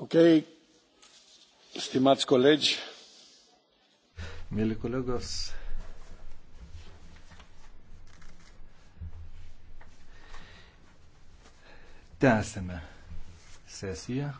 Okay. Stimați colegi, Mėly kolegos, tęsime sesiją.